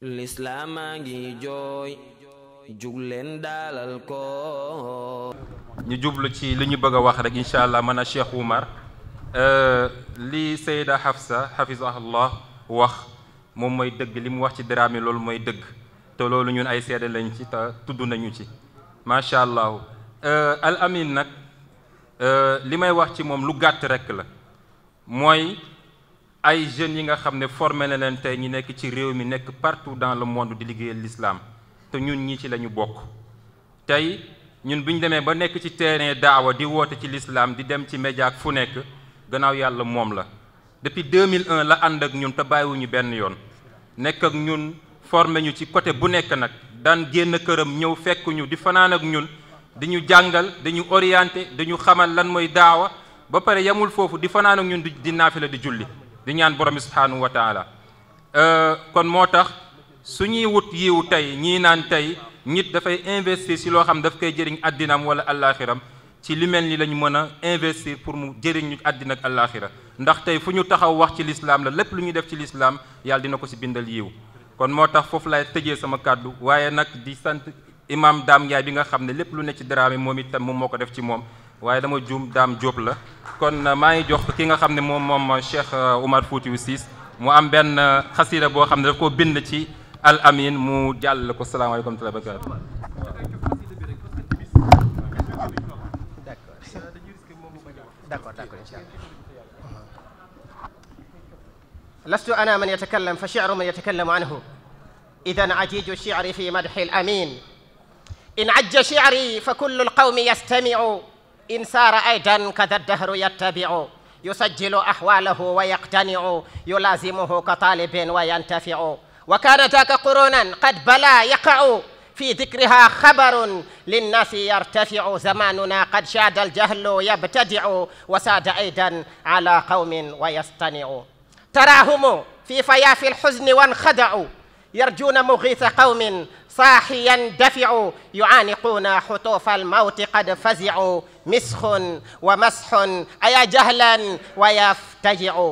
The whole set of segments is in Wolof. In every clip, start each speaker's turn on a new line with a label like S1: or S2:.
S1: lislaamaa ngi jooy jug leen daalal
S2: ko ñu jublu ci li ñu bëgg a wax rek incha allah mën a Cheikh Oumar euh, li Seyda Hafsa hafizahullah wax moom mooy dëgg li mu wax ci Dramé loolu mooy dëgg te loolu ñun ay seede lañ ci te tudd nañu ci macha allah euh, al amin nag euh, li may wax ci moom lu gàtt rek la mooy ay jeunes yi nga xam ne formé na leen tey ñi nekk ci réew mi nekk partout dans le monde di liggéeyal lislaam te ñun ñii ci la ñu bokk tey ñun bu ñu demee ba nekk ci terrain daawa di woote ci lislaam di dem ci média fu nekk gannaaw yàlla moom la depuis 2001 la ànd ak ñun te bàyyiwuñu benn yoon nekk ak ñun formé ñu ci côté bu nekk nag daan génn këram ñëw fekkuñu di fanaan ak ñun di ñu jàngal di ñu orienté di ñu xamal lan mooy daawa ba pare yamul foofu di fanaan ak ñun di naafila di julli di ñaan borom bi subhaanahu wa euh, kon moo tax su ñuy wut yiw tey ñii naan tey nit dafay investir si loo xam ne daf koy jëriñ addinaam wala allaaxiram ci li mel ni lañu mën a investir pour mu jëriñ ñu àddina ak allaaxira ndax tey fu ñu taxaw wax ci lislaam la lépp lu ñuy def ci lislaam yàlla dina ko si bindal yiw kon moo tax foofu laay tëjee sama kàddu waaye nag di sant imam daam Ndiaye bi nga xam ne lépp lu ne ci daraame moom itam moom moo ko def ci moom waaye dama juum daam Diop la kon euh, maa ngi jox ki nga xam ne moom moom Cheikh euh, Oumar Foutiyou Ciss mu am benn euh, xasida boo xam ne daf koo bind ci al amin mu jàll ko salaamaaleykum wa rahmatulah.
S1: d'accord d'accord lastu ana man yatakallamu fa shi'ru man yatakallamu anhu idan ajiju shi'ri fi madhi al amin in ajja shi'ri fa kullu al qawmi yastami'u إن سار أيضا كذا الدهر يتبع يسجل أحواله ويقتنع يلازمه كطالب وينتفع وكان ذاك قرونا قد بلا يقع في ذكرها خبر للناس يرتفع زماننا قد شاد الجهل يبتدع وساد أيضا على قوم ويصطنع تراهم في فياف الحزن وانخدعوا يرجون مغيث قوم صاح يندفع يعانقون حطوف الموت قد فزعوا مسخ ومسح أيا جهلا ويفتجع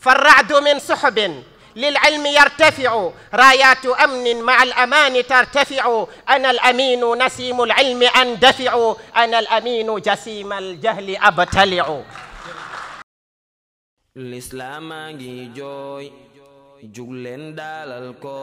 S1: فالرعد من سحب للعلم يرتفع رايات أمن مع الأمان ترتفع أنا الأمين نسيم العلم أندفع أنا الأمين جسيم الجهل أبتلع الإسلام جوي jug leen daalal ko